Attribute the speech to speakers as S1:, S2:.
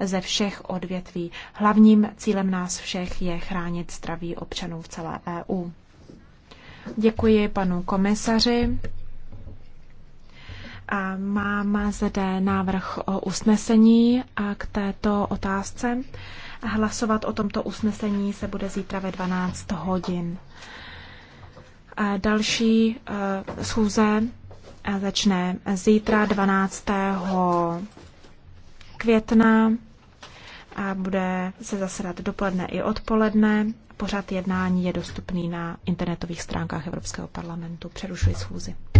S1: ze všech odvětví. Hlavním cílem nás všech je chránit zdraví občanů v celé EU. Děkuji panu komisaři. A mám zde návrh o usnesení k této otázce. Hlasovat o tomto usnesení se bude zítra ve 12 hodin. A další eh, schůze eh, začne zítra 12 května a bude se zasedat dopoledne i odpoledne. Pořad jednání je dostupný na internetových stránkách Evropského parlamentu. Přerušuji schůzi.